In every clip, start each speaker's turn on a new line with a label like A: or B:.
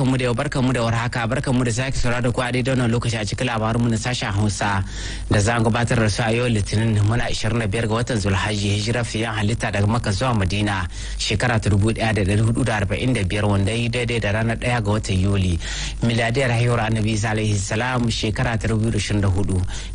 A: mu da yau mu da warhaka mu da sake saurara da ku a daidai wannan lokaci a cikin mu na sashen Hausa da za mu gabatar da su a yau Litinin muna 25 ga watan Zulhaji hijira fiyan halitta daga Makka zuwa Madina shekara ta 1445 wanda yi daidai da ranar 1 ga watan Yuli miladiyar haihuwar Annabi sallallahu alaihi salam shekara ta 2024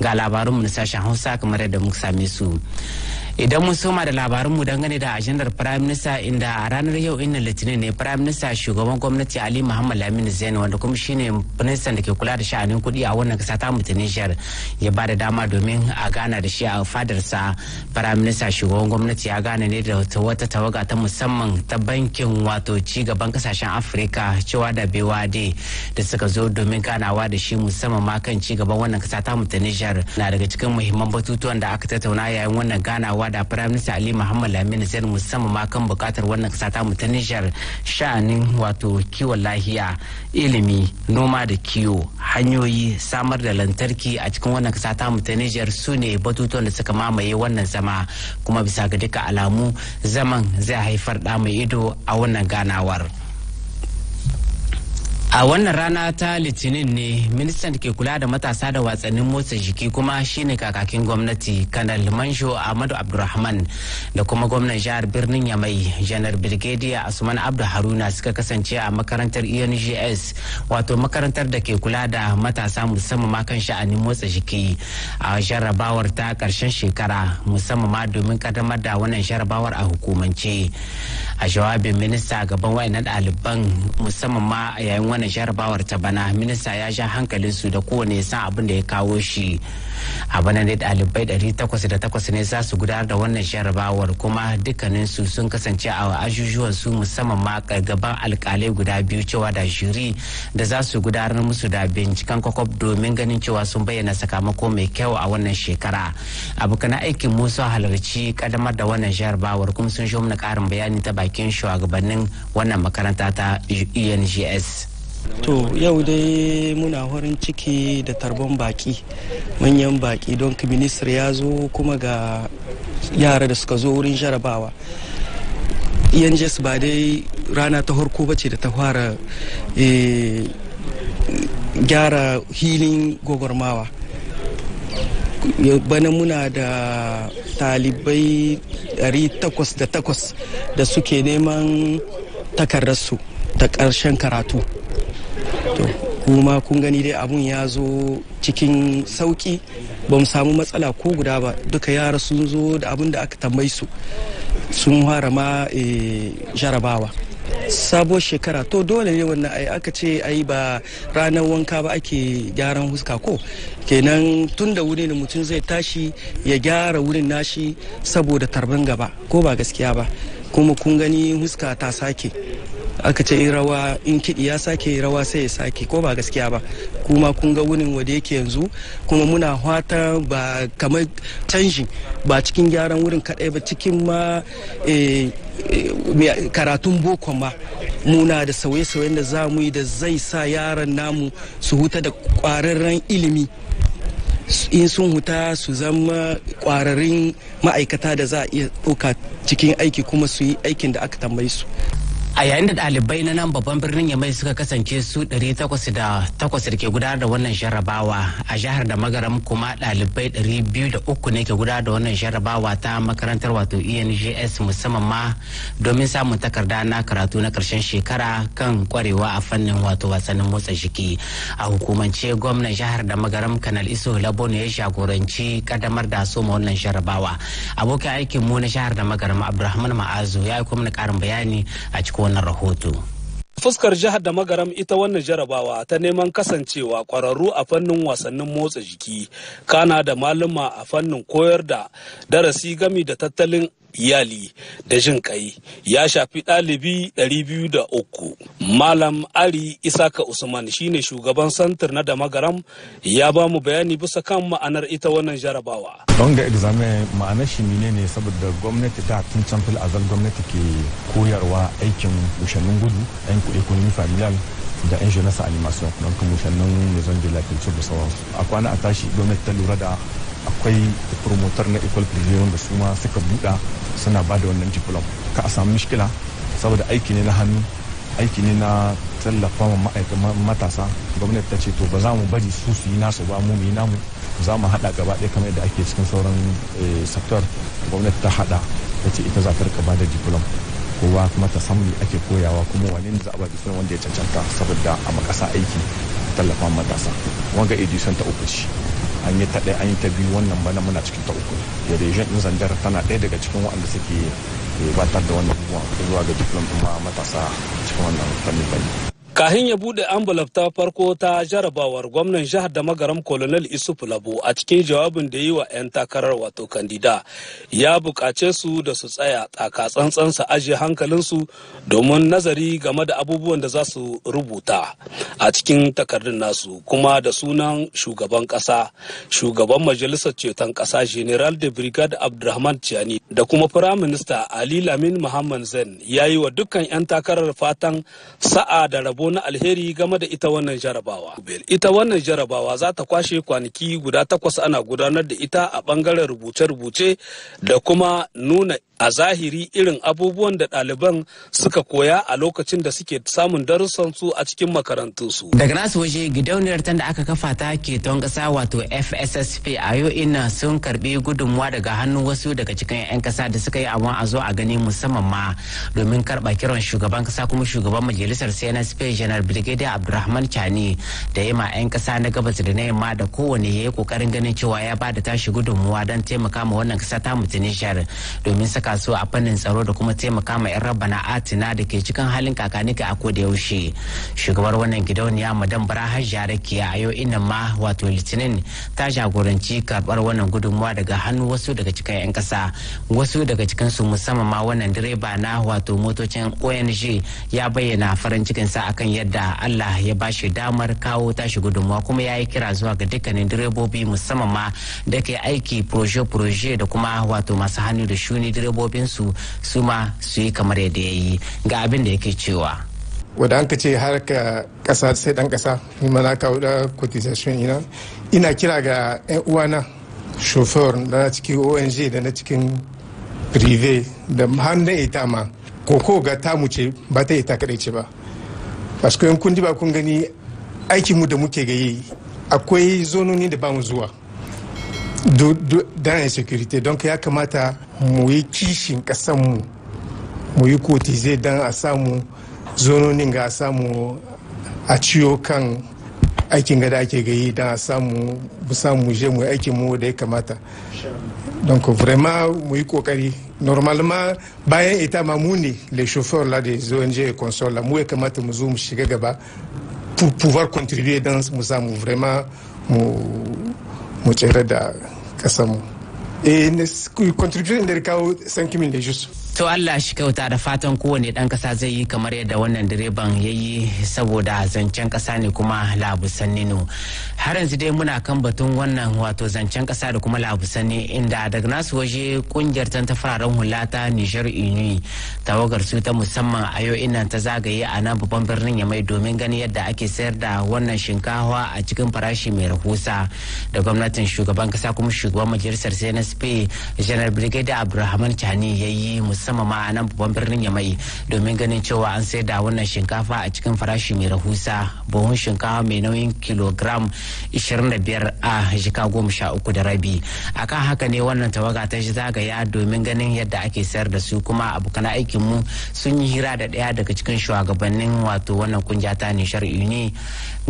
A: ga mu na sashen Hausa kamar yadda muka same su. idan mun soma da labarinmu dangane da ajandar prime minister inda a ranar yau inna litinin ne prime minister shugaban gwamnati ali muhammad lamini zain wanda kuma shine ministan da ke kula da sha'anin kuɗi a wannan kasa ta mutunishiyar ya ba da dama domin a gana da shi a fadarsa prime minister shugaban gwamnati ya gane ne da wata tawaga ta musamman ta bankin wato ci gaban kasashen afirka cewa da bewade da suka zo domin ganawa da shi musamman ma kan ci gaban wannan kasa ta mutunishiyar na daga cikin muhimman batutuwan da aka tattauna yayin wannan ganawa ganawa da firaminista ali muhammad lamini zai musamman kan bukatar wannan kasa ta mu ta nijar sha'anin wato kiwon lahiya ilimi noma da kiwo hanyoyi samar da lantarki a cikin wannan kasa ta mu ta nijar su ne batutuwan da suka mamaye wannan zama kuma bisa ga duka alamu zaman zai haifar da mai ido a wannan ganawar. a wannan rana ta litinin ne ministan da ke kula da matasa da watsannin motsa jiki kuma shine kakakin gwamnati kanal manjo ahmadu abdulrahman da kuma gwamnan jihar birnin yamai janar birgediya asuman abdu haruna suka kasance a makarantar engs wato makarantar da ke kula da matasa musamman ma kan sha'anin motsa jiki a jarrabawar ta karshen shekara musamman ma domin ƙaddamar da wannan jarrabawar a hukumance a jawabin minista gaban wayannan daliban musamman ma a yayin wannan jarabawar ta bana minista ya sha su da kowane san abin da ya kawo shi a bana ne ɗalibai 808 ne za su gudanar da wannan jarabawar kuma dukkanin su sun kasance a ajujuwan su musamman ma gaban alkalai guda biyu cewa da jiri da za su gudanar musu da binciken kwakwab domin ganin cewa sun bayyana sakamako mai kyau a wannan shekara abokan aikin musu halarci kadamar da wannan jarabawar kuma sun shi mana karin bayani ta bakin shugabannin wannan makaranta ta ungs
B: to yau dai muna horin ciki da tarbon baki manyan baki don minister ya zo kuma ga yara da suka zo wurin jarabawa ungs ba dai rana ta harko ba da ta fara eh, gyara hilin gwagwarmawa bana muna da talibai 808 da suke neman takararsu ta ƙarshen karatu kuma kun gani dai abun ya zo cikin sauƙi ba mu samu matsala ko guda ba duka yara sun zo da abin da aka tambayi su sun fara ma eh, jarabawa sabuwar shekara to dole ne wannan ai aka ce ai ba ranar wanka ba ake gyaran huska ko kenan tun da wuri mutum zai tashi ya gyara wurin nashi saboda tarban gaba ko ba gaskiya ba kuma kun gani huska ta sake aka ce in rawa in kiɗi ya sake rawa sai ya sake ko ba gaskiya ba kuma kun ga wunin wanda yake yanzu kuma muna hata ba kamar canji ba cikin gyaran wurin kaɗai ba cikin ma eh, eh, karatun boko ma muna da sauye-sauyen da za mu yi da zai sa yaran namu su huta da ƙwararren ilimi in sun huta su zama ƙwararren ma'aikata da za a iya ɗauka cikin aiki kuma su yi aikin da aka tambaye su
A: a yayin da ɗalibai na nan babban birnin yamai suka kasance su 808 da ke gudanar da wannan jarrabawa a jihar da magaram kuma ɗalibai 203 ne ke gudanar da wannan jarrabawa ta makarantar wato engs musamman ma domin samun takarda na karatu na karshen shekara kan kwarewa a fannin wato wasannin motsa jiki a hukumance gwamnan jihar da magaram kanal iso labo ne ya shagoranci kadamar da soma wannan jarrabawa abokin aikin mu na jihar da magaram abdulrahman ma'azu ya yi kuma karin bayani a cikin wannan rahoto.
C: fuskar jihar da magaram ita wannan jarabawa ta neman kasancewa kwararru a fannin wasannin motsa jiki kana da maluma a fannin koyar da darasi gami da tattalin iyali da jin kai ya shafi ɗalibi uku malam ari isaka usman shine shugaban santar na da ya ba mu bayani bisa kan ma'anar ita wannan jarabawa
D: don ga examen ma'anar shi ne ne saboda gwamnati ta tun can fil azal gwamnati ke koyarwa aikin mushannin gudu yan kuɗi familial da yan jeunesse animation don kuma mushannin maison de la culture sauransu a kwana a tashi gwamnati ta lura da akwai promoter na equal play wanda su ma suka buɗa suna ba da wannan diplom ka a samu mishkila saboda aiki ne na hannu aiki ne na tallafa ma matasa gwamnati ta ce to ba za mu bari su su yi nasu ba mu mu yi namu za mu haɗa gaba ɗaya kamar yadda ake cikin sauran eh, sektor gwamnati ta haɗa ta ce ita za ta rika ba da diplom kowa kuma ta samu ake koyawa kuma wani za a ba diplom wanda ya cancanta saboda a makasa aiki tallafa matasa wanga edison ta uku shi an yi ta ɗaya an yi ta biyu wannan bana muna cikin ta uku da region din zandar tana ɗaya daga cikin waɗanda suke eh, batar da wannan abubuwan zuwa ga diplom ɗin matasa cikin wannan
C: fannin bane kahin ya bude envelope ta farko ta jarabawar gwamnan jihar da magaram colonel isuf labo a cikin jawabin da yi wa 'yan takarar wato kandida ya bukace su da su tsaya tsaka tsantsan su ajiye hankalinsu domin nazari game da abubuwan da za su rubuta a cikin takardun nasu kuma da sunan shugaban kasa shugaban majalisar ceton kasa general de brigade abdulrahman ciani da kuma firayim minista ali lamin muhammad zain ya yi wa dukkan 'yan takarar fatan sa'a da rabo sako na alheri game da ita wannan jarabawa. Ita wannan jarabawa za ta kwashe kwanaki guda takwas ana gudanar da ita a bangaren rubuce-rubuce da kuma nuna a zahiri irin abubuwan da ɗaliban suka koya a lokacin da suke samun darussan su a cikin makarantunsu. Daga
A: nasu waje gidauniyar tan da aka kafa ta keton ƙasa wato FSSP a yau ina sun karbi gudunmuwa daga hannun wasu daga cikin 'yan ƙasa da suka yi a a zo a gani musamman ma domin karba kiran shugaban ƙasa kuma shugaban majalisar CNSP Janar Brigadier Abdulrahman Chani da ya ma 'yan kasa na gabas da na yamma da kowane ya yi ƙoƙarin ganin cewa ya ba da tashi gudunmuwa don taimaka ma wannan ƙasa ta shari domin saka su a fannin tsaro da kuma taimaka ma 'yan na atina da ke cikin halin kakanika a koda yaushe shugabar wannan gidauniya madan bara hajjiya rakiya a yau inna ma wato litinin ta jagoranci karbar wannan gudunmuwa daga hannu wasu daga cikin 'yan kasa wasu daga cikin su musamman ma wannan direba na wato motocin ong ya bayyana farin sa akan yadda allah ya ba shi damar kawo tashi gudunmuwa kuma ya yi kira zuwa ga dukkanin direbobi musamman ma da ke aiki proje-proje da kuma wato masu hannu da shuni direbobi gabobin su ma su yi kamar yadda ya yi ga abin da yake cewa
D: wadda an ka ce ka kasa sai dan kasa ma na kawo da cotisation ina ina kira ga yan uwana chauffeur na cikin ong da na cikin prive da hannun ita ma koko ga mu ce ba ta ita kadai ce ba basu kun ba kun gani mu da muke yi akwai zononi da ba mu zuwa don insecurity donc ya kamata mu yi kishin kasanmu mu yi kotize dan a samu zononin ga samu a ciyo kan aikin gada ake gayi don a samu samu je mu aikin mu da ya kamata donc vraiment mu yi kokari normalement bayan ita ma mu ne les chauffeurs là des ONG et consorts la mu ya kamata mu zo mu shiga gaba pour pouvoir contribuer dans mu samu vraiment mu tsere da essa mão e da kawo san de da shi su.
A: to Allah shi kyauta da fatan kowane dan kasa zai yi kamar yadda wannan direban ya yi saboda zancen kasa ne kuma labusan nino har yanzu dai muna kan batun wannan wato zancen kasa da kuma labusan ne inda daga nasu waje kungiyar ta fararen hula ta Nijar Inui tawagar su ta musamman a yau ina ta zagaye a nan babban birnin ya mai domin ganin yadda ake sayar da wannan shinkawa a cikin farashi mai rahusa da gwamnatin shugaban kasa kuma shugaban majalisar CNSP general Brigadier Abdulrahman Chani ya yi sama ma nan babban birnin yamai domin ganin cewa an sai da wannan shinkafa a cikin farashi mai rahusa buhun shinkafa mai nauyin kilogram 25 a jika goma sha uku da rabi akan haka ne wannan tawaga ta shi zagaya domin ganin yadda ake sayar da su kuma abokan aikin mu sun yi hira da daya daga cikin shugabannin wato wannan kungiya ta nishar uni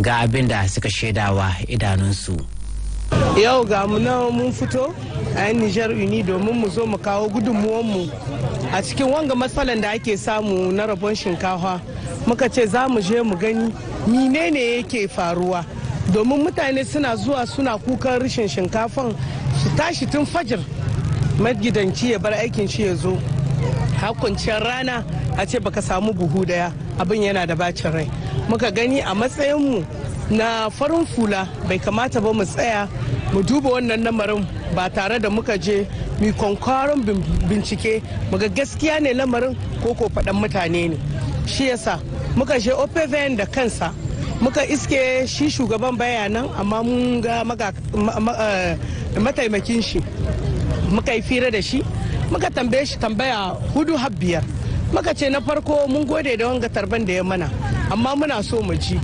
A: ga abin da suka shaidawa idanunsu.
E: yau ga mu nan mun fito a yan nijar uni domin mu zo mu kawo mu a cikin wanga matsalan da ake samu na rabon shinkafa muka ce za mu je mu gani ne yake faruwa domin mutane suna zuwa suna kukan rashin shinkafan su tashi tun fajir magidanci ya bar aikin shi ya zo hakuncin rana a ce baka samu buhu daya abin yana da bacin rai muka gani a matsayinmu na farin fula bai kamata ba mu tsaya mu duba wannan lamarin ba tare da muka je mu kwankwaron bincike muga gaskiya ne lamarin ko ko faɗan mutane ne shi yasa muka she opvn da kansa muka iske shi shugaban bayanan amma mun ga eh, mataimakin shi muka yi fira da shi muka tambaye shi tambaya hudu har biyar muka ce na farko mun gode da wanga tarban da ya mana amma muna so mu ji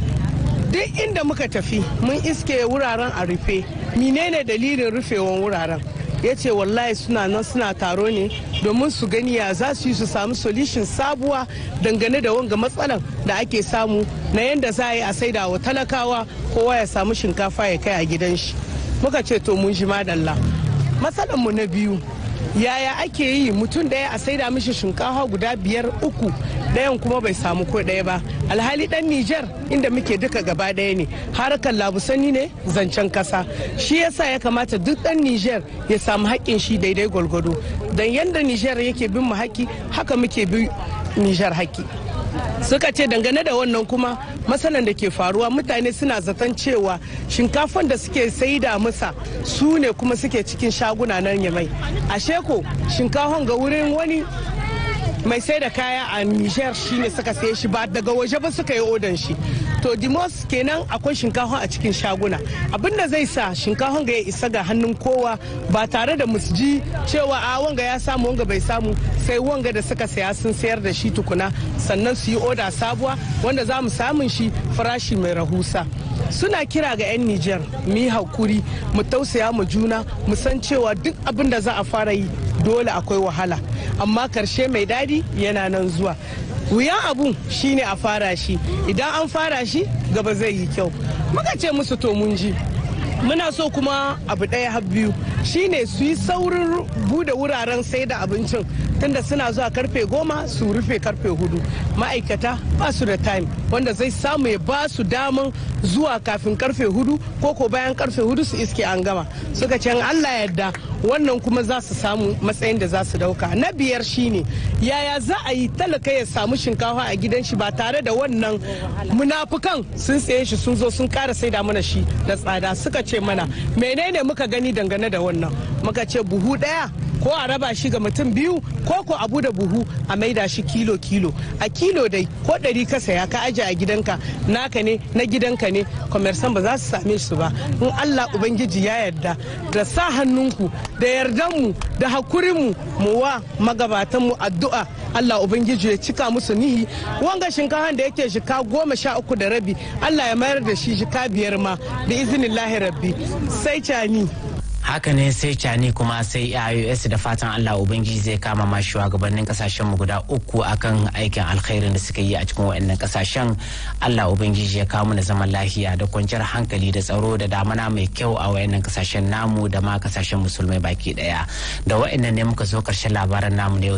E: duk inda muka tafi mun iske wuraren a rufe menene dalilin rufewan wuraren ya ce wallahi suna nan suna taro ne domin su gani ya za su yi su samu solution sabuwa dangane da wanga matsalan da ake samu na yadda za a yi a saida wa talakawa kowa ya samu shinkafa ya kai a gidan shi muka ce to mun ji madalla mu na biyu yaya ake yi mutum daya a saida mishi shinkafa guda biyar uku dayan kuma bai samu ko daya ba alhali dan niger inda muke duka gaba daya ne harkar labusani ne zancen kasa shi yasa ya kamata duk dan niger ya samu haƙƙin shi daidai gwalgwado don yadda niger yake bin mu haƙƙi haka muke bin niger haƙƙi suka ce dangane da wannan kuma matsalan da ke faruwa mutane suna zaton cewa shinkafan da suke saida masa su ne kuma suke cikin shaguna nan yamai a sheko shinkafan ga wurin wani mai sai da kaya a niger shine suka saye shi ba daga waje ba suka yi odan shi to dimos kenan akwai shinkafa a cikin shaguna abin da zai sa shinkafan ga ya isa ga hannun kowa ba tare da musji cewa a ah, wanga ya samu wanga bai samu sai wanga da suka saya sun sayar da shi tukuna sannan su yi oda sabuwa wanda za mu samun shi farashi mai rahusa suna kira ga 'yan Nijar mu haƙuri mu tausaya mu juna mu san cewa duk abin da za a fara yi dole akwai wahala amma karshe mai dadi yana nan zuwa wuyan abu shine a fara shi idan an fara shi gaba zai yi kyau muka ce musu to mun ji muna so kuma abu ɗaya har biyu shine su yi saurin bude wuraren sai da abincin tunda suna zuwa karfe goma su rufe karfe hudu ma'aikata ba su da time wanda zai samu ya ba su daman zuwa kafin karfe hudu ko ko bayan karfe hudu su iske an gama suka can allah yadda wannan kuma za su samu matsayin da za su dauka na biyar shine yaya za a yi talaka ya samu shinkafa a gidan shi ba tare da wannan munafukan sun tsaye shi sun zo sun kara saida mana shi da tsada suka ce mana menene muka gani dangane da wannan muka ce buhu daya ko a raba shi ga mutum biyu ko ko abu da buhu a maida shi kilo kilo a kilo dai ko ɗari ka saya ka aje a gidanka naka ne na gidanka ne commerce ba za su same su ba in allah ubangiji ya yarda da sa hannunku da mu da hakurinmu mu wa mu addu'a Allah Ubangiji ya cika musu nihi wanga shinkafa da yake shika goma sha uku da rabi Allah ya mayar da shi shika biyar ma da izinin rabbi sai cani.
A: haka ne sai cani kuma sai ios da fatan allah ubangiji zai kama ma shugabannin kasashen mu guda uku akan aikin alkhairin da suka yi a cikin wa'annan kasashen allah ubangiji ya kawo mana zaman lafiya da kwanciyar hankali da tsaro da damana mai kyau a wa'annan kasashen namu da ma kasashen musulmai baki daya da wa'annan ne muka zo karshen labaran namu ne